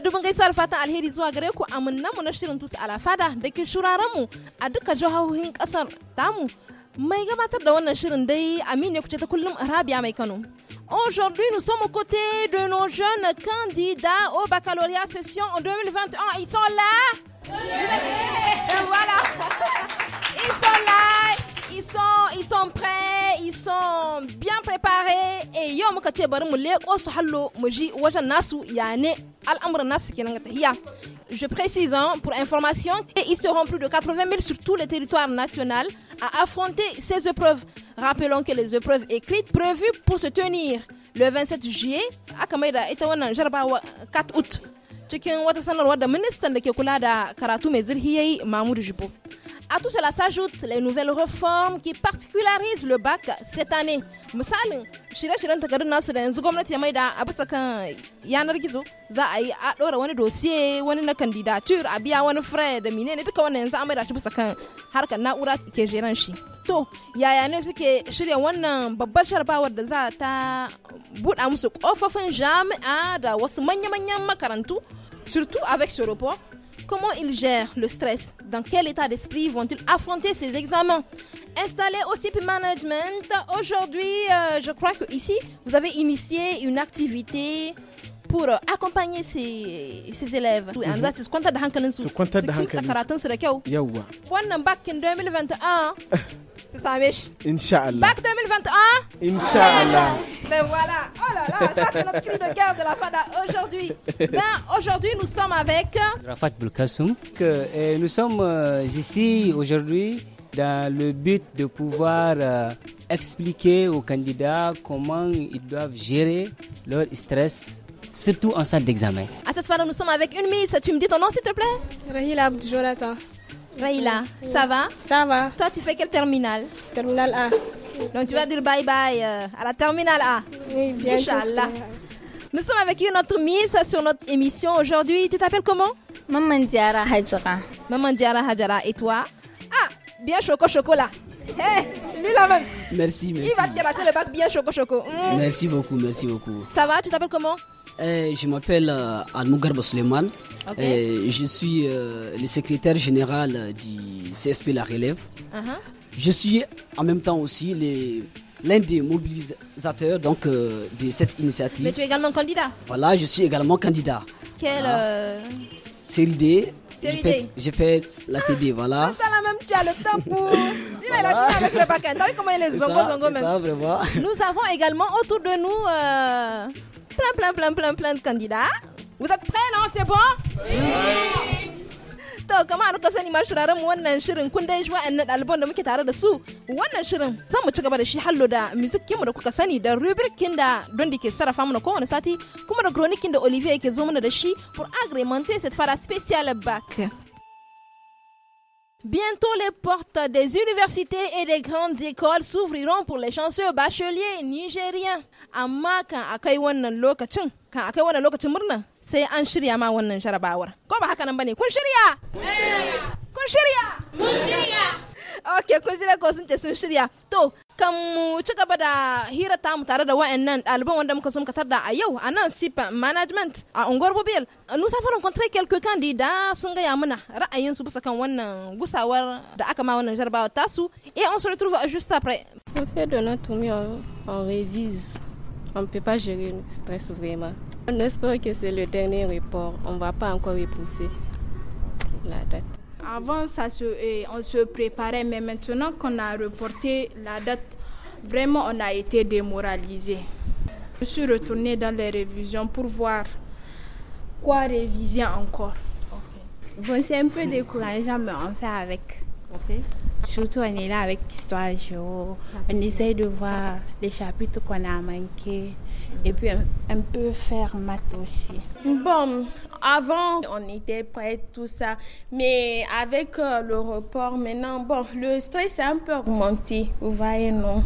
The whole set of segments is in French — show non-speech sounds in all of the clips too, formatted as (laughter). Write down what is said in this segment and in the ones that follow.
Aujourd'hui, nous sommes aux côtés de nos jeunes candidats au baccalauréat session en 2021. Ils sont là (laughs) Ils sont là ils sont, ils sont prêts, ils sont bien préparés. Et yo, muka ce bari mu su hallo nasu ya Je précise hein, pour information, qu'ils seront plus de 80 000 sur tout le territoire national à affronter ces épreuves. Rappelons que les épreuves écrites prévues pour se tenir le 27 juillet à Kamaida et au 4 août Je suis sanarwar da de kula karatu mai à tout cela s'ajoutent les nouvelles réformes qui particularisent le bac cette année. Misalin, shirye-shiryen takardun nasu da yanzu gwamnati ya da a kan yanar gizo za a yi a dora wani dossier wani na candidature a biya wani fure da menene duka wannan yanzu an da shi bisa kan harkar na'ura ke jeran shi. to yaya ne suke shirya wannan babbar sharbawar da za ta buɗa musu ƙofofin jami'a da wasu manya-manyan makarantu surtout avec ce report Comment ils gèrent le stress Dans quel état d'esprit vont-ils affronter ces examens Installé au CIP Management, aujourd'hui, euh, je crois que ici, vous avez initié une activité pour accompagner ses élèves mm -hmm. su kwantar da hankalinsu su C'est da hankalinsu su karatunsu da kyau yawwa en 2021 C'est ça, shi Inch'Allah. Allah 2021 Inch'Allah. (laughs) Ben mais voilà oh là là ça c'est notre cri de guerre de la fada aujourd'hui (laughs) ben aujourd'hui nous sommes avec euh, Rafat Boulkassoum eh, nous sommes euh, ici aujourd'hui dans le but de pouvoir euh, expliquer aux candidats comment ils doivent gérer leur stress surtout en salle d'examen. À cette fois, nous sommes avec une Miss. Tu me dis ton nom, s'il te plaît Rahila Abdjolata. Rahila, ça va Ça va. Toi, tu fais quel terminal Terminal A. Donc, tu vas dire bye-bye euh, à la terminale A. Oui, bien Inch'Allah. Nous sommes avec une autre Miss sur notre émission aujourd'hui. Tu t'appelles comment Maman Diara Hajara. Maman Diara Hajara. Et toi Ah, bien choco chocolat. Hey, lui la même. Merci, merci. Il va te le bac bien choco choco. Hum. Merci beaucoup, merci beaucoup. Ça va, tu t'appelles comment euh, je m'appelle Anougar euh, Almougar euh, je suis le secrétaire général du CSP La Relève. Uh-huh. Je suis en même temps aussi l'un des mobilisateurs donc, de cette initiative. Mais tu es également candidat Voilà, je suis également candidat. Quelle série D j'ai fait la TD, ah, voilà. même, tu as le temps pour. (laughs) Il a avec le hein. vu comment il est zongo, zongo Nous avons également autour de nous plein, plein, plein, plein, plein de candidats. Vous êtes prêts, non C'est bon Oui to kamar ka sani ma shuraren wannan shirin kun dai ji wa'annan ɗaliban da muke tare da su wannan shirin zan mu ci gaba da shi hallo da music kinmu da kuka sani da rubrikin da don ke sarrafa mana kowane sati kuma da kronikin da olivier yake zo mana da shi pour agrémenter cette fara spéciale bac Bientôt, les portes des universités et des grandes écoles s'ouvriront pour les chanceux bacheliers nigériens. Amma kan akai wannan lokacin, kan akai wannan lokacin murna, sai an shirya ma wannan jarabawar. Ko ba haka nan bane? Kun shirya? Kun shirya? Mun shirya ok kun jira ko sun ce sun shirya to kan mu ci gaba da hira ta mu tare da wa'annan ɗaliban wanda muka so muka da a yau a nan sip management a unguwar nous avons rencontré quelques candidats sun gaya mana ra'ayinsu bisa kan wannan gusawar da aka ma wannan jarabawa tasu et on se retrouve juste après on fait de notre mieux on, on révise on ne peut pas gérer le stress vraiment on espère que c'est le dernier report on ne va pas encore repousser la date avant, ça se, on se préparait, mais maintenant qu'on a reporté la date, vraiment, on a été démoralisé. Je suis retournée dans les révisions pour voir quoi réviser encore. c'est un peu décourageant, mais on fait avec. Surtout, on est là avec l'histoire géo. On essaie de voir les chapitres qu'on a manqués et puis un, un, peu faire maths aussi. Bon, avant, on était prêts, tout ça. Mais avec euh, le report, maintenant, bon, le stress est un peu augmenté. Vous voyez, non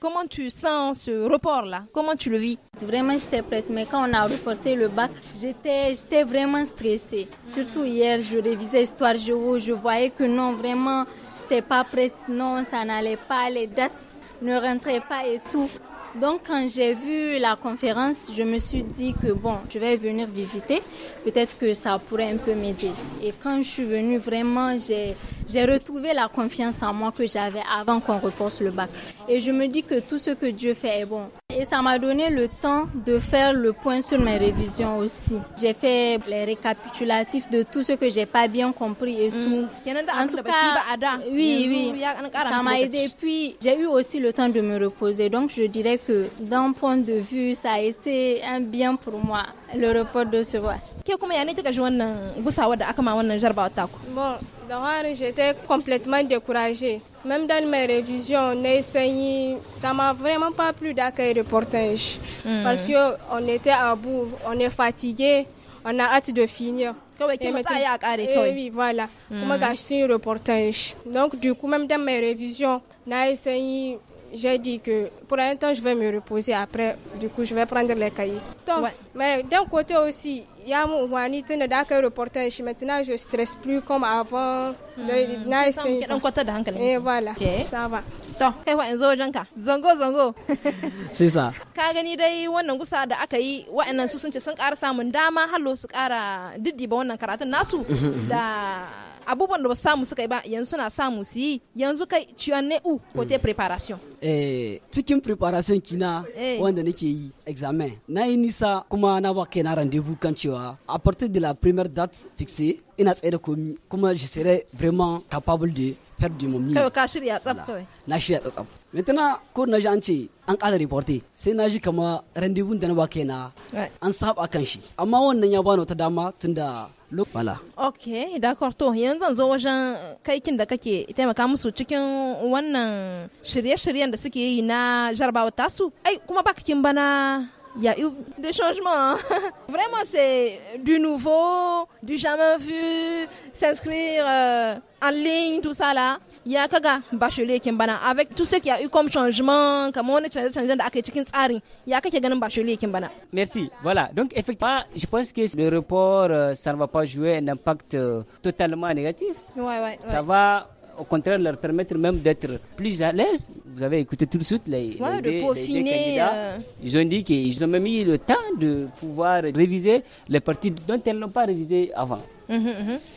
Comment tu sens ce report-là Comment tu le vis Vraiment, j'étais prête, mais quand on a reporté le bac, j'étais vraiment stressée. Surtout hier, je révisais Histoire je voyais que non, vraiment, j'étais pas prête, non, ça n'allait pas, les dates ne rentraient pas et tout. Donc quand j'ai vu la conférence, je me suis dit que bon, je vais venir visiter, peut-être que ça pourrait un peu m'aider. Et quand je suis venue, vraiment, j'ai retrouvé la confiance en moi que j'avais avant qu'on repose le bac. Et je me dis que tout ce que Dieu fait est bon. Et ça m'a donné le temps de faire le point sur mes révisions aussi. J'ai fait les récapitulatifs de tout ce que j'ai pas bien compris et tout. Mm. En tout cas, oui, oui, ça m'a aidé. puis, j'ai eu aussi le temps de me reposer. Donc, je dirais que d'un point de vue, ça a été un bien pour moi, le report de ce voie. Bon, d'abord, j'étais complètement découragée. Même dans mes révisions, on Ça m'a vraiment pas plu d'accueil reportage. portage. Hmm. Parce qu'on était à bout, on est fatigué, on a hâte de finir. Et eh oui, voilà. On m'a gâché le Donc, du coup, même dans mes révisions, on essayé j'ai dit que pour un temps, je vais me reposer. Après, du coup, je vais prendre les cahiers. Donc, ouais. Mais d'un côté aussi, il y a mon reportage. Maintenant, je ne stresse plus comme avant. Hmm. Et voilà, okay. ça va. To, Eh wa yanzu Zango zango. C'est ça. (laughs) Ka gani dai wannan gusa da aka yi wa'annan su sun ce sun ƙara samun dama hallo su ƙara diddiba wannan karatun nasu (laughs) da abubuwan da ba samu suka yi ba yanzu na samu su yi yanzu kai ne u kote mm. preparation eh cikin preparation kina eh. wanda nake yi examen na yi nisa kuma na ba rendez-vous kan cewa a partir de la première date fixée ina tsaye da komi kuma je serai vraiment capable de faire du mon mieux kawai ka shirya tsaf kawai na shirya tsaf maintenant ko na ji an ce an ƙara reporte sai na ji kama rendez-vous da na ba kaina an saba kan shi amma wannan ya bani wata dama tunda Lokbala. Ok, d'accord. To yanzu zo wajen kaikin da kake taimaka musu cikin wannan shirye-shiryen da suke yi na jarabawa tasu. Ai, kuma baka kin bana il y a eu des changements. (laughs) Vraiment, c'est du nouveau, du jamais vu, s'inscrire euh, en ligne, tout ça là avec tout ce qu'il y a eu comme changement comme on changé, changé merci voilà donc effectivement je pense que le report euh, ça ne va pas jouer un impact euh, totalement négatif ouais, ouais, ça va au contraire leur permettre même d'être plus à l'aise. Vous avez écouté tout de suite les, candidats. Euh. Ils ont dit qu'ils ont même mis le temps de pouvoir réviser les parties dont elles n'ont pas révisé avant.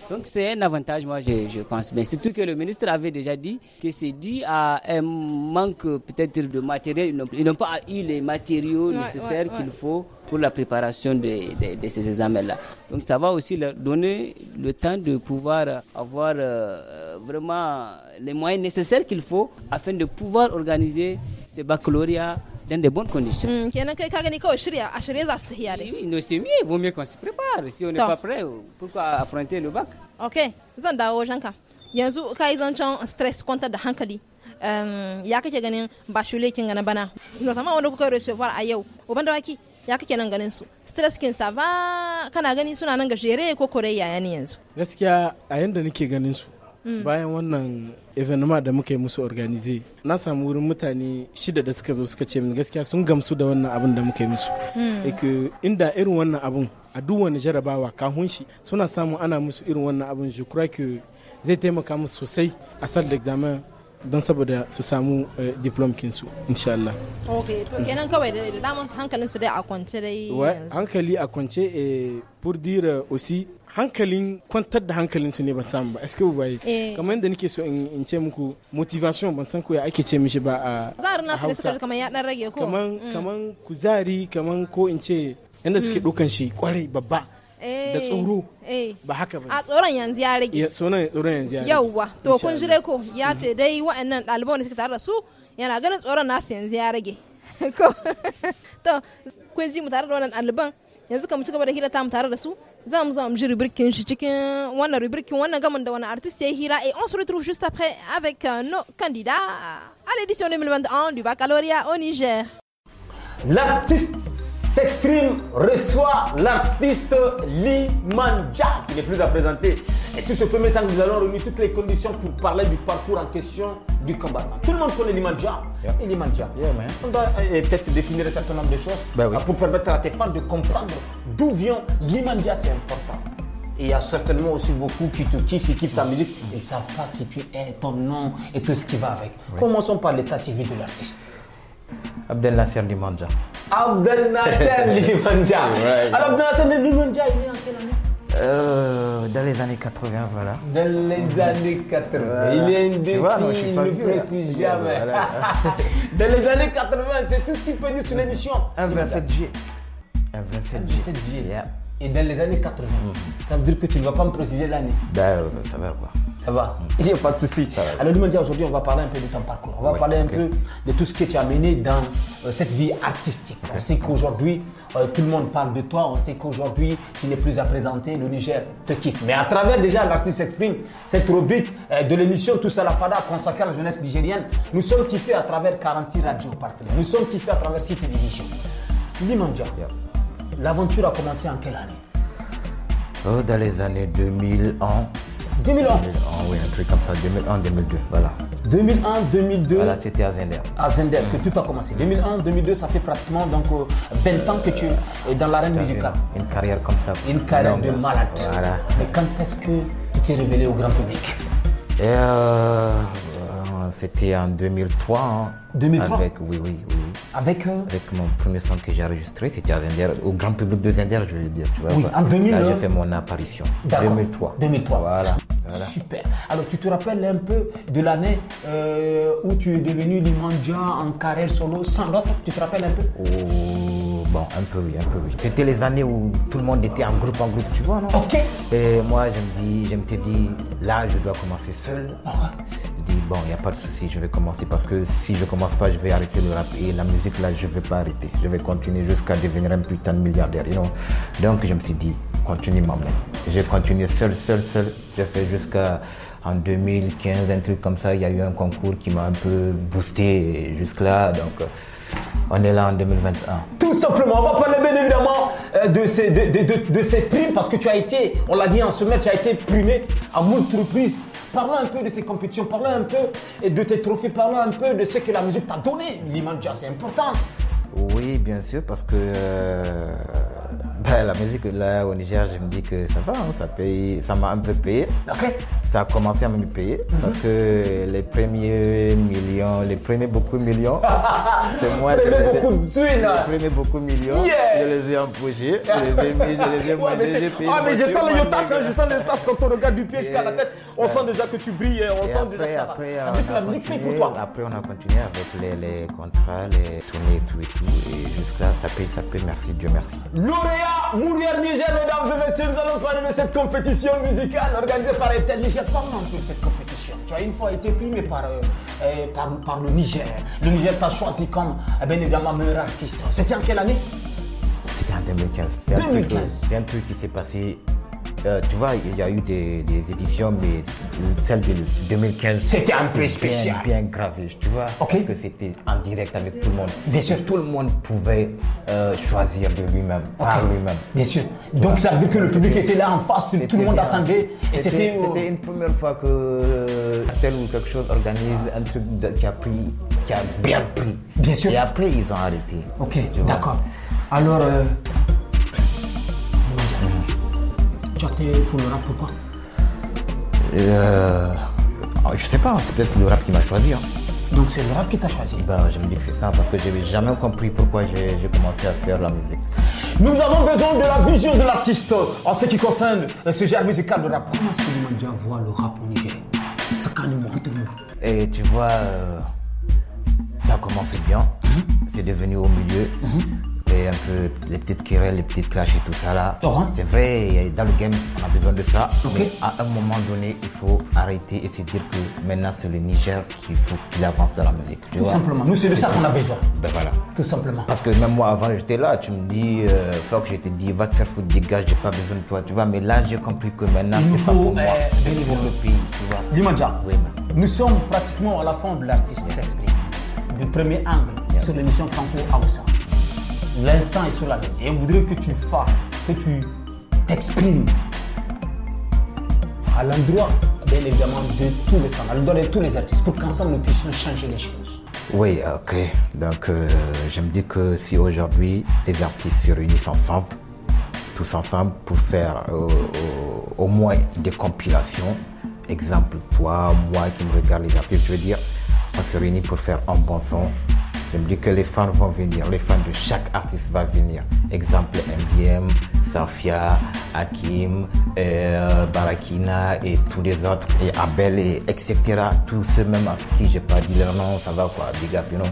Donc c'est un avantage, moi je, je pense. Mais c'est tout que le ministre avait déjà dit que c'est dû à un manque peut-être de matériel. Ils n'ont pas eu les matériaux nécessaires qu'il faut pour la préparation de, ces examens-là. Donc ça va aussi leur donner le temps de pouvoir avoir euh, vraiment les moyens nécessaires qu'il faut afin de pouvoir organiser ces baccalauréats dans de bonnes conditions. Mm, c'est mieux, il vaut mieux qu'on se prépare. Si on n'est pas prêt, pourquoi affronter le bac Ok, zan dawo janka. Yanzu kai yi zancen stress kwanta da hankali. Um, ya kake ganin ba bashule kin gana bana. Notamment wanda kuka recevoir a yau. Uban dawaki ya kake nan ganin su. Stress kin sa ba kana gani suna nan gajere ko koreya yani yanzu. Gaskiya a yanda nake ganin su Mm. bayan wannan evenema da muka yi musu organize na samu wurin mutane shida da suka zo suka ce min gaskiya sun gamsu da wannan abin da muka yi musu mm. inda irin wannan abin a duk wani jarabawa kahun shi suna samu ana musu irin wannan abin je zai taimaka musu sosai a sal da examen don saboda su samu eh, diplom kinsu insha Allah. ok to mm. kenan kawai da daman hankalin su dai a kwance dai hankali a kwance eh, pour dire aussi hankalin kwantar da hankalin su ne ba samu ba eske ba yi kamar yadda nake so in ce muku motivation ban san ko ya ake ce mishi ba a zarin nasu suka kamar ya dan rage ko kaman mm. kaman kuzari kaman ko in ce yadda suke dukan mm. shi kwarai babba da eh. tsoro eh. ba haka ba a tsoron yanzu ya rage tsoron tsoron yanzu ya rage yauwa to kun jire ko ya ce mm. dai wa'annan ɗaliban da suke tare da su yana ganin tsoron nasu yanzu ya rage (laughs) ko (laughs) to kun ji mu tare da wannan ɗaliban yanzu kamar cigaba da hira ta mu tare da su za mu zo mu ji rubrikin shi cikin wannan rubrikin wannan gamin da wani artist ya hira et on se retrouve juste après avec euh, nos candidats à l'édition 2021 du baccalauréat au Niger. L'artiste s'exprime, reçoit l'artiste Limanja qui n'est plus à présenter. Et si ce premier temps, nous allons réunir toutes les conditions pour parler du parcours en question du combattant. Tout le monde connaît l'Imanja. Et on doit euh, peut-être définir un certain nombre de choses ben euh, pour permettre à tes fans de comprendre d'où vient l'Imanja, c'est important. Et il y a certainement aussi beaucoup qui te kiffent, qui kiffent ta musique. Ils ne savent pas qui tu es, ton nom et tout ce qui va avec. Commençons par l'état civil de l'artiste. Abdel Nasser Limanja. Abdel Nasser (laughs) Limanja. Alors Abdel Nasser Limanja, il est en quelle année euh, Dans les années 80, voilà. Dans les années 80. Il est indécis, il ne précise jamais. (laughs) dans les années 80, c'est tout ce qu'il peut dire sur l'émission. Un 27G. Un 27G. Yeah. Et dans les années 80, ça veut dire que tu ne vas pas me préciser l'année. Ben, euh, ça va quoi. Ça va, il n'y a pas de souci. Alors, Dimanche, aujourd'hui, on va parler un peu de ton parcours. On va parler un peu de tout ce que tu as mené dans euh, cette vie artistique. On sait qu'aujourd'hui, euh, tout le monde parle de toi. On sait qu'aujourd'hui, tu n'es plus à présenter. Le Niger te kiffe. Mais à travers déjà l'artiste s'exprime, cette rubrique euh, de l'émission Tous à la Fada consacrée à la jeunesse nigérienne, nous sommes kiffés à travers 46 radios partenaires. Nous sommes kiffés à travers City Division. Dimanche, l'aventure a commencé en quelle année oh, Dans les années 2000 2001. Ah oui, un truc comme ça, 2001, 2002, voilà. 2001, 2002. Voilà, c'était à Zender. À Zender, que tout a commencé. 2001, 2002, ça fait pratiquement donc 20 euh, ans que tu es dans l'arène musicale. Une, carrière comme ça. Une carrière de malade. Voilà. Mais quand est-ce que tu t'es révélé au grand public Et euh, c'était en 2003. 2003 hein. avec, Oui, oui, oui. Avec euh? Avec mon premier son que j'ai enregistré, c'était à au grand public de Zender, je veux dire. oui, en 2003. Là, j'ai fait mon apparition. 2003. 2003. Voilà, Super. Alors, tu te rappelles un peu de l'année euh, où tu es devenu manja en carrière solo sans l'autre Tu te rappelles un peu oh. Bon, un peu oui, un peu oui. C'était les années où tout le monde était en groupe, en groupe, tu vois, non Ok. Et moi, je me dis, je me suis dit, là, je dois commencer seul. me suis dis, bon, il n'y a pas de souci, je vais commencer parce que si je ne commence pas, je vais arrêter le rap et la musique, là, je ne vais pas arrêter. Je vais continuer jusqu'à devenir un putain de milliardaire, you Donc, je me suis dit, continue maman. Je J'ai continué seul, seul, seul. J'ai fait jusqu'à en 2015, un truc comme ça. Il y a eu un concours qui m'a un peu boosté jusque-là. Donc, on est là en 2021 simplement. On va parler bien évidemment euh, de ces, de, de, de, primes parce que tu as été, on l'a dit en semaine, tu as été primé à moult reprises. Parlons un peu de ces compétitions, parlons un peu de tes trophées, parlons un peu de ce que la musique t'a donné. L'image c'est important. Oui, bien sûr, parce que euh, bah, la musique là au Niger, je me dis que ça va, hein, ça paye, ça m'a un peu payé. Ok ça a commencé à me payer mhm. parce que les premiers millions, les premiers beaucoup millions, (laughs) c'est moi. les premiers beaucoup de Les premiers beaucoup millions, je les ai empochés, je les ai mis, je les ai ouais, mais j'ai Ah, mais je sens les yotas, hein, je sens l'espace quand on regarde du pied jusqu'à la tête, on sent déjà que tu brilles, hein, on sent déjà que ça après, la musique pour toi. Après, on a continué avec les, contrats, les tournées, tout et tout, et jusqu'à ça paye, ça paye, merci, Dieu merci. Lauréat Mourière Niger, mesdames et messieurs, nous allons parler de cette compétition musicale organisée par Intelligent un toute cette compétition. Tu as une fois été primé euh, euh, par, par, le Niger. Le Niger t'a choisi comme, eh bien évidemment, meilleur artiste. C'était en quelle année C'était en 2015. 2015. C'est un truc qui s'est passé euh, tu vois, il y a eu des, éditions, mais celle de 2015. C'était un peu spécial. Bien, bien gravé, tu vois. Parce que c'était en direct avec tout le monde. Bien sûr. tout le monde pouvait euh, choisir de lui-même, par lui-même. Bien sûr. Donc ça veut dire que le public était là en face, tout le monde attendait. Et c'était. une première fois que euh, tel ou quelque chose organise un truc qui a pris, qui a bien pris. Bien sûr. Et après, ils ont arrêté. Ok, d'accord. Alors pour le rap, pourquoi euh, oh, Je sais pas, c'est peut-être le rap qui m'a choisi. Hein. Donc c'est le rap qui t'a choisi ben, Je me dis que c'est ça parce que je n'avais jamais compris pourquoi j'ai commencé à faire la musique. Nous avons besoin de la vision de l'artiste en ce qui concerne le sujet musical de rap. Comment est-ce que à voir le rap au Niger Et tu vois, euh, ça a commencé bien, mhm. c'est devenu au milieu. Mhm un peu les petites querelles, les petites clashs et tout ça là. C'est vrai, dans le game, on a besoin de ça. Mais à un moment donné, il faut arrêter et se dire que maintenant, c'est le Niger qu'il faut qu'il avance dans la musique. tout simplement. Nous, c'est de ça qu'on a besoin. Ben, voilà. Tout simplement. Parce que même moi, avant, j'étais là. Tu me dis, euh, que je t'ai dit, va te faire foutre, dégage, j'ai pas besoin de toi. Tu vois, mais là, j'ai compris que maintenant, c'est pas pour moi. Il eh, faut le pays, tu vois. nous sommes pratiquement à la fin de l'artiste s'exprime. Du premier angle sur l'émission Franco Aoussa. L'instant est sur la tête. Et on voudrait que tu fasses, que tu t'exprimes à l'endroit bien évidemment de tous les femmes, à l'endroit de tous les artistes, pour qu'ensemble nous puissions changer les choses. Oui, ok. Donc euh, je me dis que si aujourd'hui les artistes se réunissent ensemble, tous ensemble, pour faire euh, au moins des compilations, exemple toi, moi qui me regarde les artistes, je veux dire, on se réunit pour faire un bon son, je me dis que les fans vont venir, les fans de chaque artiste vont venir. Exemple MBM, Safia, Hakim, euh, Barakina et tous les autres, et Abel, et etc. Tous ceux même à qui j'ai pas dit leur nom, ça va quoi, big up, you know.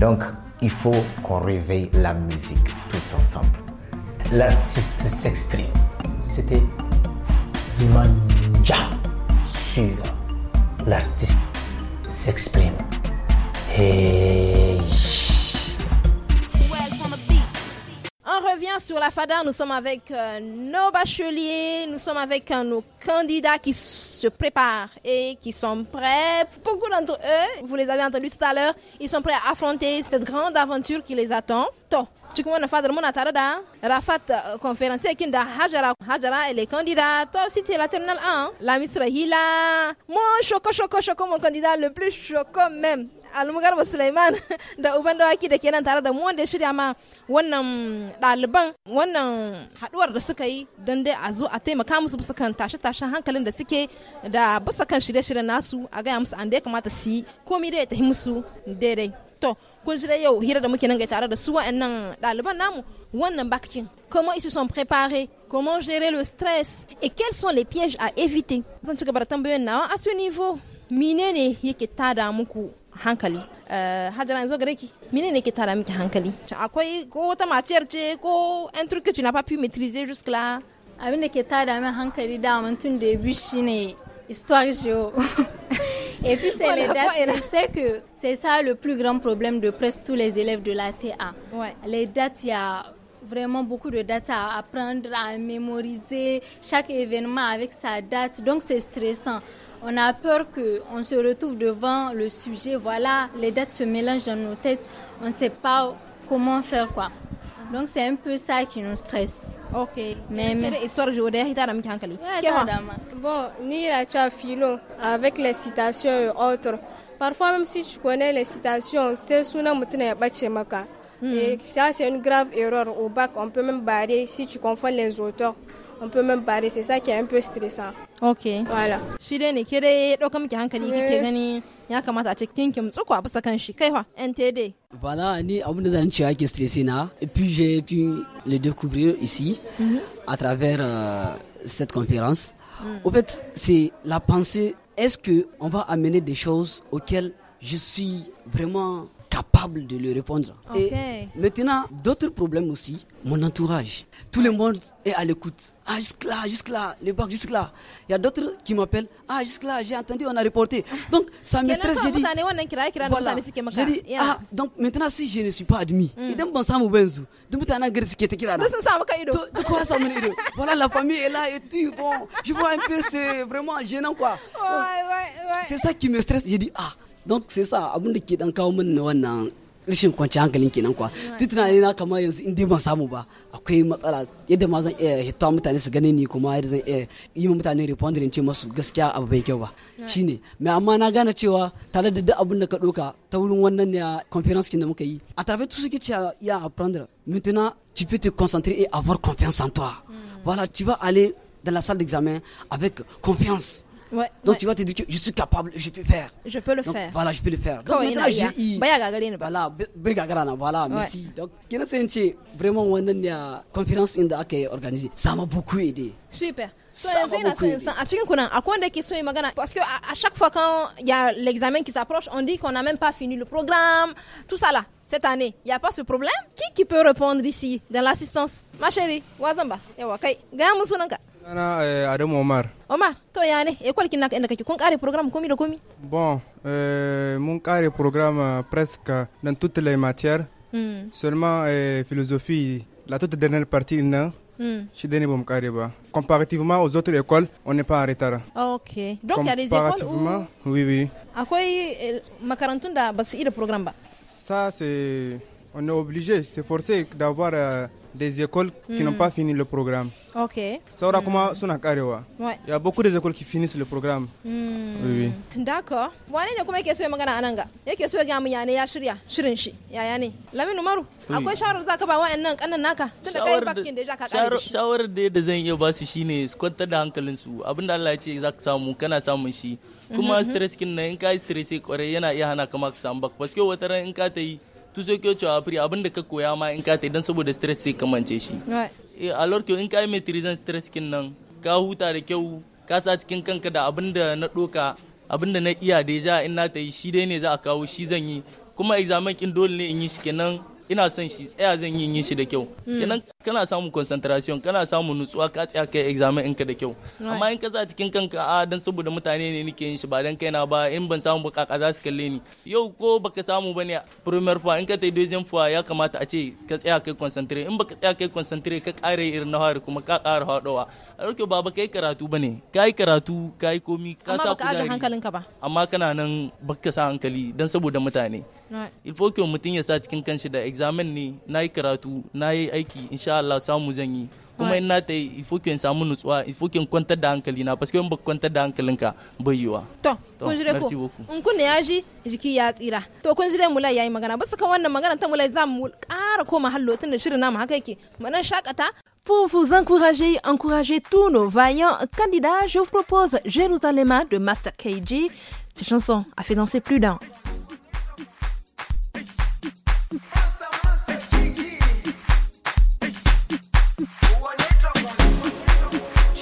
Donc, il faut qu'on réveille la musique tous ensemble. L'artiste s'exprime. C'était Dimanja sur l'artiste s'exprime. On revient sur la FADA. Nous sommes avec euh, nos bacheliers, nous sommes avec euh, nos candidats qui se préparent et qui sont prêts. Beaucoup d'entre eux, vous les avez entendus tout à l'heure, ils sont prêts à affronter cette grande aventure qui les attend. To. tu fadar mon fada, Rafa conférencier, euh, conferencier et Hajara Hajara elle est toi aussi tu es la terminale 1 hein. la Misra Hila Moi, choco choco choco mon candidat le plus choco même almugarba suleiman (laughs) da uban dawaki da kenan tare da mu wanda ya shirya ma wannan ɗaliban wannan haɗuwar da suka yi don dai a zo a taimaka musu bisa kan tashe-tashen hankalin da suke da bisa kan shirye-shiryen nasu a gaya musu an da ya kamata su yi komi dai ya tafi musu daidai to kun ji yau hira da muke nan ga tare da su wa'annan ɗaliban namu wannan bakin comment ils se sont préparés comment gérer le stress et quels sont les pièges à éviter zan ci gaba da tambayoyin nawa a su niveau menene yake tada muku hankali eh, hadara yanzu gare ki mine ne ke tara miki hankali akwai ko wata maciyar ce ko yan turki na papi matrize jusque-là abin da ke tada min hankali daman tun da bi shine histoire geo (laughs) Et puis c'est les dates. Je sais que c'est ça le plus grand problème de presque tous les élèves de la TA. Ouais. Les dates, il y a vraiment beaucoup de dates à apprendre, à mémoriser, chaque événement avec sa date. Donc c'est stressant on a peur qu'on se retrouve devant le sujet. Voilà, les dates se mélangent dans nos têtes. On ne sait pas comment faire quoi. Donc c'est un peu ça qui nous stresse. Ok. Mais Bon, ni la chafino avec les citations et autres. Parfois même si tu connais les citations, c'est hmm. Et ça c'est une grave erreur au bac, on peut même barrer si tu confonds les auteurs on peut même parler. C'est ça qui est un peu stressant. Ok. Voilà. Shi dai ne ke dai ɗaukar miki hankali kike eh. gani ya kamata a cikin kin tsuku a bisa kan shi kai fa NTD. Voilà, ni abin da zan cewa ke stressé na. Et puis j'ai pu le découvrir ici mhm. à travers euh, cette conférence. Au fait, c'est la pensée est-ce que on va amener des choses auxquelles je suis vraiment capable de lui répondre. Et maintenant, d'autres problèmes aussi. Mon entourage, tout le monde est à l'écoute. Ah, jusque là, jusque là, les bac jusque là. Il y a d'autres qui m'appellent. Ah, jusque là, j'ai entendu, on a reporté. Donc, ça me stresse. J'ai dit, ah, donc maintenant, si je ne suis pas admis, mm. voilà, la famille est là et tout. Bon, je vois un peu, c'est vraiment gênant, quoi. C'est ça qui me stresse. J'ai dit, ah, don sai sa abin da ke dan kawo min wannan rashin kwanci hankalin kenan kwa tituna ne na kamar yanzu in dai ban samu ba akwai matsala yadda ma zan iya hita mutane su gane ni kuma yadda zan iya yi ma mutane responding ce masu gaskiya abu bai kyau ba shine mai amma na gane cewa tare da duk abin da ka doka ta wurin wannan ne conference kin da muka yi a travers tout ce cewa ya as à mintuna maintenant tu peux te concentrer et avoir confiance en toi hmm. voilà tu vas aller dans la salle d'examen avec confiance Ouais, Donc tu vas te dire que je suis capable, je peux faire. Je peux le faire. Voilà, je peux le faire. Donc maintenant j'ai eu. Voilà, voilà, merci. Donc kina vraiment vraiment a une euh, conférence qui est organisée. Ça m'a beaucoup aidé. Super. parce qu'à chaque fois quand y a l'examen qui s'approche on dit qu'on n'a même pas fini le programme tout ça là cette année il n'y a pas ce problème qui qui peut répondre ici dans l'assistance ma chérie wazamba yawa kai ga Ana suis eh, Omar. Omar, to yane, ne, ekwal eh, kin naka inda kake kare programme, komi Bon, eh, mon mon kare presque dans toutes les matières. Hmm. Seulement la philosophie, la toute dernière partie non. mon mm. Comparativement aux autres écoles, on n'est pas en retard. Ok. Donc il y a des écoles Comparativement, oui, oui. À quoi quarantaine da basu le programme bah? Ça c'est on est obligé, c'est forcé d'avoir euh, des écoles mmh. qui n'ont pas fini le programme. Ok. Saura mm. kuma suna karewa. Ouais. Il y a beaucoup des écoles qui finissent le programme. Mmh. Oui, oui. D'accord. ne kuma yake so ya magana anan ga? Yake so ya ga ya ne ya shirya shirin shi. Yaya ne? Lamin Umaru, akwai shawarar zaka ba wa'annan kannan naka? Tunda kai bakin da ka kare shi. Shawarar da da zan iya ba su shine su kwantar da hankalin su. Abinda Allah ya ce zaka samu kana samun shi. Kuma mhm, mhm. stress kin nan in ka stress kwarai yana iya hana ka ma ka samu bak. Paske wata ran in ka ta yi tuzo sai cewa afiri abin da ka koya ma in ka ta idan saboda stress sai kamance shi eh, alor lorkiyo in ka yi metrizan stress kin nan ka huta da kyau ka sa cikin kanka da abinda na doka abinda na iya deja in na ta yi shi dai ne za a kawo shi zan yi kuma examen kin dole ne in yi shi kenan ina son shi tsaya zan yi yin shi da kyau hmm. kenan kana samun concentration kana samun nutsuwa ka tsaya kai examen ɗinka da kyau amma in ka za cikin kanka a dan saboda mutane ne nake yin shi ba dan kaina ba in ban samu bukaka za su kalle ni yau ko baka samu bane premier fois in ka tai dojin fois ya kamata a ce ka tsaya kai concentrate in baka tsaya kai concentrate ka kare irin na hari kuma ka kara haɗowa a ba baba yi karatu bane ka yi karatu ka yi komi ka sa kudari amma baka hankalinka ba amma kana nan baka sa hankali dan saboda mutane il faut que mutum ya sa cikin kanshi da examen ne na yi karatu na yi aiki insha Allah samu zan yi kuma in na ta yi il faut que in samu nutsuwa il faut que in kwantar da hankali na parce que in ba kwantar da hankalinka bai yiwa to kun jire ko in kun ya ji jiki ya tsira to kun jire mulai yayi magana ba su kan wannan magana ta mulai za mu ƙara koma hallo tun da shirin namu haka yake mu shakata Pour vous encourager, encourager tous nos vaillants candidats, je vous propose Jérusalem de Master KG. Cette chanson a fait danser plus d'un.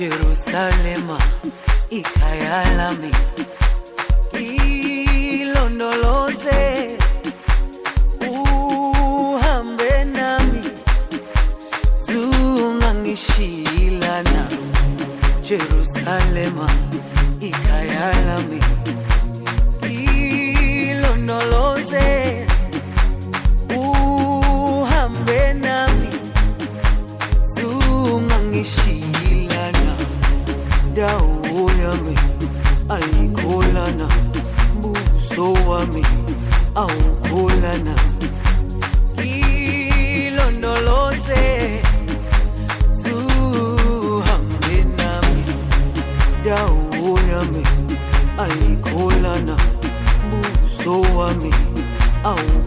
Jerusalem, I lami ilondoloze uhambe zungangishilana Jerusalema ikhaya lami ilondoloze indawo yami ayikholana buso wami awukholana ilondoloze zuhambe nami indawo yami ayikholana buso wami awukholana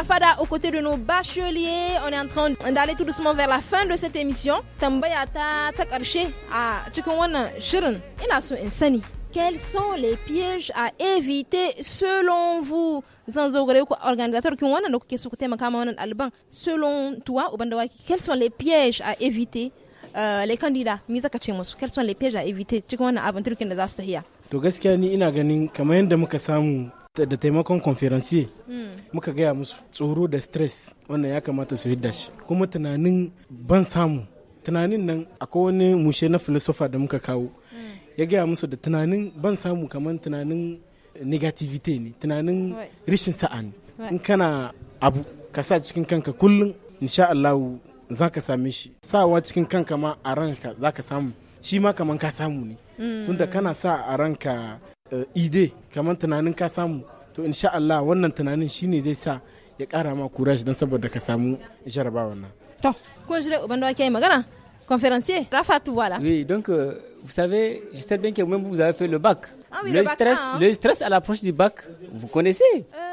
la Fada aux côtés de nos bacheliers. On est en train d'aller tout doucement vers la fin de cette émission. Tambaya ta ta karshe a cikin wannan shirin ina so in sani. Quels sont les pièges à éviter selon vous organisateur qui wannan da kuke so ku de ma wannan ɗaliban. Selon toi, Ubandawaki, quels sont les pièges à éviter les candidats? Me zaka ce Quels sont les pièges à éviter cikin wannan abin turkin da za su tafiya? To gaskiya ni ina ganin kamar yadda muka samu da taimakon conferencier mm. muka gaya musu tsoro da stress wannan ya kamata su hidda shi kuma tunanin ban samu tunanin nan akwai wani mushe na filosofa da muka kawo mm. ya gaya musu da tunanin ban samu kamar tunanin negativity ne tunanin rishin sa'an in kana abu ka sa cikin kanka kullum insha Allahu za ka same shi sawa cikin kanka ma a ranka za ka samu shi ma kaman ka samu ne mm. tunda kana sa a ranka Eh, ide kamar tunanin ka samu to insha Allah wannan tunanin shine zai sa ya kara ma courage dan saboda ka samu jarabawa wannan to kun shirya uban da yi magana conférencier Rafat voilà oui donc euh, vous savez je sais bien que même vous avez fait le bac ah oui, le, le bac stress hein. le stress à l'approche du bac vous connaissez euh...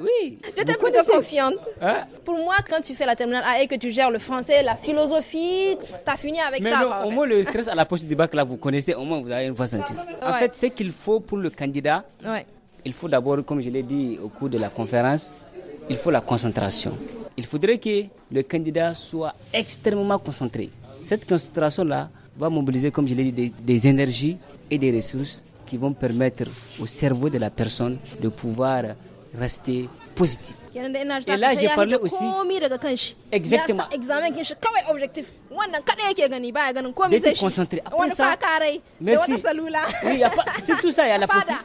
Oui. Je t'ai plutôt confiante. Hein? Pour moi, quand tu fais la terminale A et que tu gères le français, la philosophie, t'as fini avec ça. Non, au moins, le stress à la poche du bac, là, vous connaissez, au moins, vous avez une voix En fait, ce qu'il faut pour le candidat, il faut d'abord, comme je l'ai dit au cours de la conférence, il faut la concentration. Il faudrait que le candidat soit extrêmement concentré. Cette concentration-là va mobiliser, comme je l'ai dit, des énergies et des ressources qui vont permettre au cerveau de la personne de pouvoir rester positif. Et là, j'ai parlé aussi. Exactement. D'être concentré. Après ça, merci. Oui, c'est tout ça, il y a la (laughs) possibilité.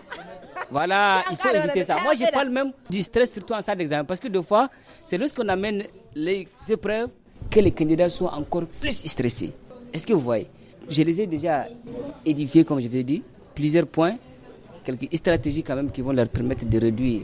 Voilà, (laughs) il faut éviter ça. Moi, je parle même du stress, surtout en salle d'examen. Parce que des fois, c'est lorsqu'on amène les épreuves que les candidats soient encore plus stressés. Est-ce que vous voyez Je les ai déjà édifiés, comme je vous ai dit, plusieurs points, quelques stratégies quand même qui vont leur permettre de réduire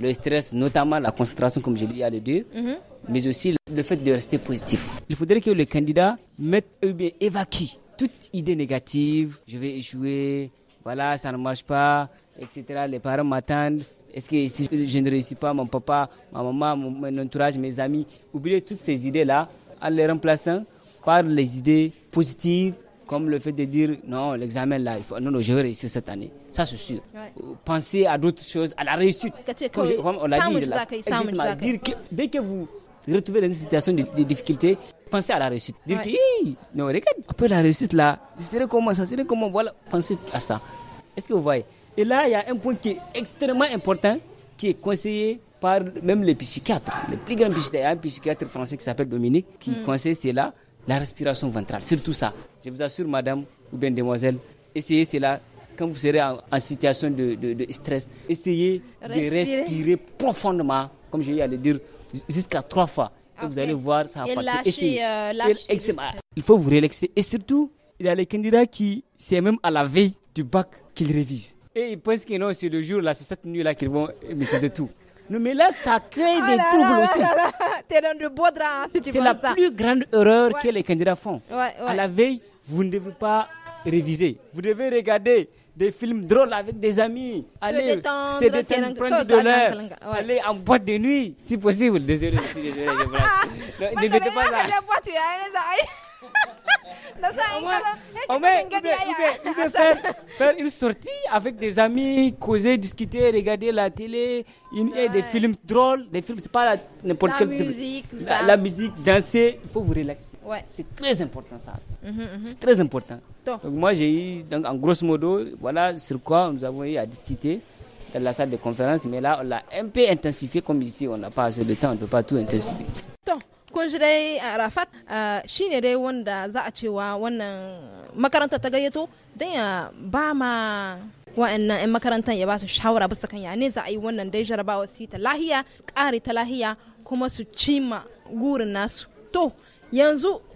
le stress, notamment la concentration, comme je l'ai dit, à les deux, mhm. mais aussi le fait de rester positif. Il faudrait que le candidat mette ou bien évacue toute idée négative. Je vais échouer, voilà, ça ne marche pas, etc. Les parents m'attendent. Est-ce que si je ne réussis pas, mon papa, ma maman, mon entourage, mes amis, oubliez toutes ces idées-là en les remplaçant par les idées positives comme le fait de dire non, l'examen là, il faut, non, non, je vais réussir cette année. Ça, c'est sûr. Pensez à d'autres choses, à la réussite. Comme, on l'a dit, dès que vous retrouvez dans une situation de, difficultés, difficulté, pensez à la réussite. Dire que, non, regarde, peu la réussite là, c'est comment ça, c'est comment, voilà, pensez à ça. Est-ce que vous voyez Et là, il y a un point qui est extrêmement important, qui est conseillé par même les psychiatres, Le plus grand psychiatre, Il y a un psychiatre français qui s'appelle Dominique, qui conseille, hmm. conseille cela la respiration ventrale, surtout ça. Je vous assure, madame ou bien demoiselle, essayez cela quand vous serez en, situation de, stress. Essayez de respirer profondément, comme je viens de le dire, jusqu'à trois fois. Et vous allez voir, ça va partir. Euh, il faut vous relaxer. Et surtout, il y a les candidats qui, c'est même à la veille du bac qu'ils révisent. Et ils pensent que non, c'est le jour là, c'est cette nuit là qu'ils vont maîtriser tout. Non, mais ah là, ça crée des troubles aussi. c'est la plus grande erreur que les candidats font. À la veille, vous ne devez pas réviser. Vous devez regarder des films drôles avec des amis. Allez, se détendre, prendre de l'air. Allez en boîte de nuit, si possible. Désolé, désolé. ne mettez (laughs) pas ça. On peut faire, une sortie avec des amis, causer, discuter, regarder la télé, une, des films drôles, des films, c'est pas n'importe quel musique, tout ça. La, musique, danser, il faut vous relaxer. C'est très important ça. Mhm, mhm. C'est très important. Donc, moi j'ai eu, donc, en grosso modo, voilà sur quoi nous avons eu à discuter dans la salle de conférence, mais là on l'a un peu intensifié comme ici on n'a pas assez de temps, on ne peut pas tout intensifier. kun shi dai rafat dai wanda za a cewa wannan makaranta ta gayyato don ya ba ma wa'annan 'yan makarantar ya ba su shawara bisa kan ya ne za a yi wannan dai jarabawa su ta lahiya kare ta lahiya kuma su cima gurin nasu to yanzu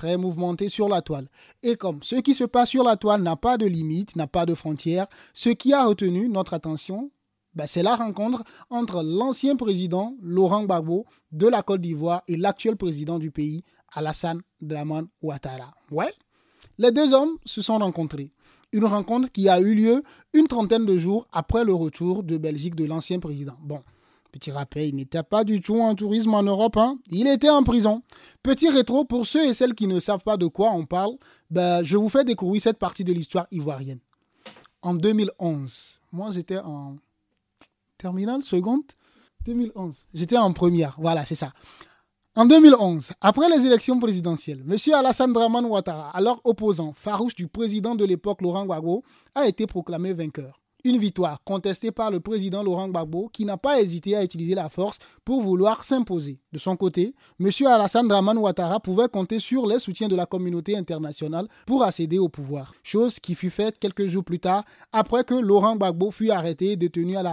très mouvementé sur la toile. Et comme ce qui se passe sur la toile n'a pas de limite, n'a pas de frontières, ce qui a retenu notre attention, ben, c'est la rencontre entre l'ancien président Laurent Gbagbo de la Côte d'Ivoire et l'actuel président du pays, Alassane Draman Ouattara. Ouais, les deux hommes se sont rencontrés. Une rencontre qui a eu lieu une trentaine de jours après le retour de Belgique de l'ancien président. Bon, Petit rappel, il n'était pas du tout en tourisme en Europe, hein. il était en prison. Petit rétro, pour ceux et celles qui ne savent pas de quoi on parle, ben, je vous fais découvrir cette partie de l'histoire ivoirienne. En 2011, moi j'étais en terminale, seconde 2011, j'étais en première, voilà, c'est ça. En 2011, après les élections présidentielles, M. Alassane Draman Ouattara, alors opposant farouche du président de l'époque Laurent Gbagbo, a été proclamé vainqueur. Une victoire contestée par le président Laurent Gbagbo qui n'a pas hésité à utiliser la force pour vouloir s'imposer. De son côté, M. Alassane Draman Ouattara pouvait compter sur les soutiens de la communauté internationale pour accéder au pouvoir, chose qui fut faite quelques jours plus tard après que Laurent Gbagbo fut arrêté et détenu à la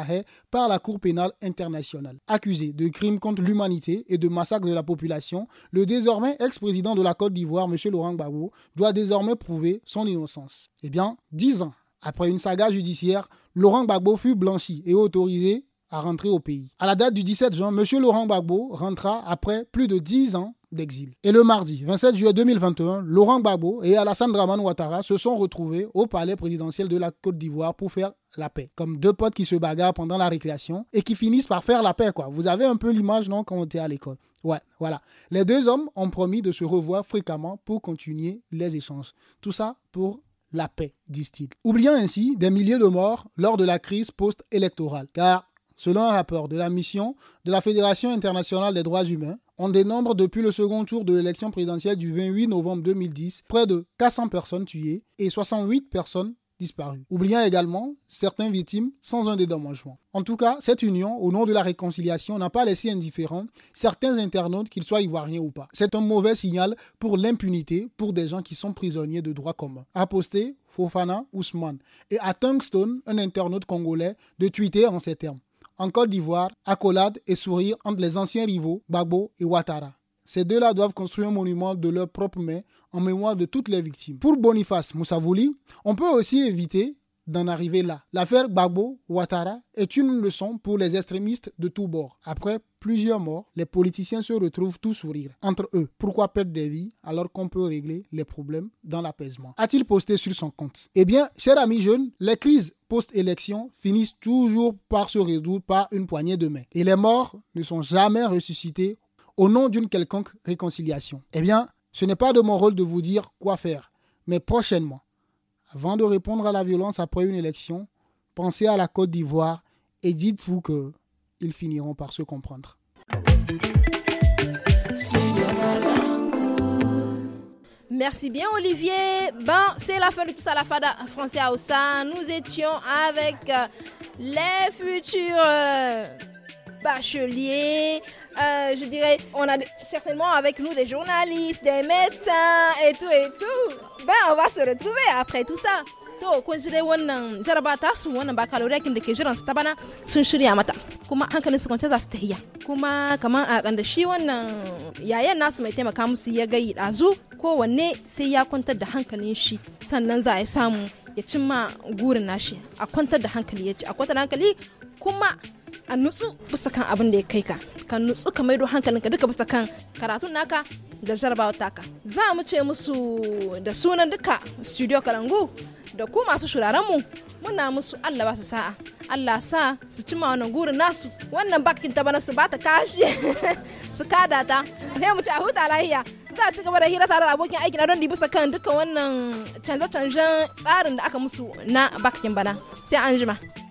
par la Cour pénale internationale. Accusé de crimes contre l'humanité et de massacre de la population, le désormais ex-président de la Côte d'Ivoire, M. Laurent Gbagbo, doit désormais prouver son innocence. Eh bien, dix ans après une saga judiciaire, Laurent Gbagbo fut blanchi et autorisé à rentrer au pays. À la date du 17 juin, M. Laurent Gbagbo rentra après plus de 10 ans d'exil. Et le mardi 27 juillet 2021, Laurent Gbagbo et Alassane Draman Ouattara se sont retrouvés au palais présidentiel de la Côte d'Ivoire pour faire la paix. Comme deux potes qui se bagarrent pendant la récréation et qui finissent par faire la paix, Vous avez un peu l'image, non, quand on était à l'école. Ouais, voilà. Les deux hommes ont promis de se revoir fréquemment pour continuer les échanges. Tout ça pour la paix, disent-ils, oubliant ainsi des milliers de morts lors de la crise post-électorale. Car, selon un rapport de la mission de la Fédération internationale des droits humains, on dénombre depuis le second tour de l'élection présidentielle du 28 novembre 2010 près de 400 personnes tuées et 68 personnes disparu, oubliant également certaines victimes sans un dédommagement. En tout cas, cette union, au nom de la réconciliation, n'a pas laissé indifférents certains internautes, qu'ils soient ivoiriens ou pas. C'est un mauvais signal pour l'impunité pour des gens qui sont prisonniers de droit commun. A posté Fofana Ousmane et à Tungstone, un internaute congolais, de tweeter en ces termes. En Côte d'Ivoire, accolade et sourire entre les anciens rivaux, Babo et Ouattara. Ces deux-là doivent construire un monument de leur propre main en mémoire de toutes les victimes. Pour Boniface Moussavouli, on peut aussi éviter d'en arriver là. L'affaire Babo Ouattara est une leçon pour les extrémistes de tous bords. Après plusieurs morts, les politiciens se retrouvent tous sourire entre eux. Pourquoi perdre des vies alors qu'on peut régler les problèmes dans l'apaisement A-t-il posté sur son compte Eh bien, chers amis jeunes, les crises post-élection finissent toujours par se résoudre par une poignée de main. Et les morts ne sont jamais ressuscités au nom d'une quelconque réconciliation. Eh bien, ce n'est pas de mon rôle de vous dire quoi faire, mais prochainement, avant de répondre à la violence après une élection, pensez à la Côte d'Ivoire et dites-vous que ils finiront par se comprendre. Merci bien Olivier. Ben, c'est la fin de tout ça, la fada français à Nous étions avec euh, les futurs bacheliers, euh, je dirais, on a certainement avec nous des journalistes, des médecins et tout et tout. Ben, on va se retrouver après tout ça. to kun ji dai wannan euh, jaraba ta su wannan baccalaureate kin da ke jiran su ta bana sun shirya mata kuma hankalin su kwanta za su tahiya kuma kamar euh, euh, a kan da shi wannan yayan nasu mai taimaka musu ya gayi dazu kowanne sai ya kwantar da hankalin shi sannan za a samu ya cimma gurin nashi a kwantar da hankali ya ci a kwantar da hankali kuma a nutsu bisa kan abin da ya kai ka ka nutsu ka maido hankalinka duka bisa kan karatun naka da jarabawa taka za mu ce musu da sunan duka studio kalangu da ku masu mu muna musu allah ba su sa'a allah sa su cima wannan gurin nasu wannan bakin ta bana su ba ta kashi (laughs) su kada ta sai mu ci a huta lahiya za a ci gaba da hira tare da abokin aiki na don bisa kan duka wannan canje-canjen tsarin da aka musu na bakin bana sai an jima.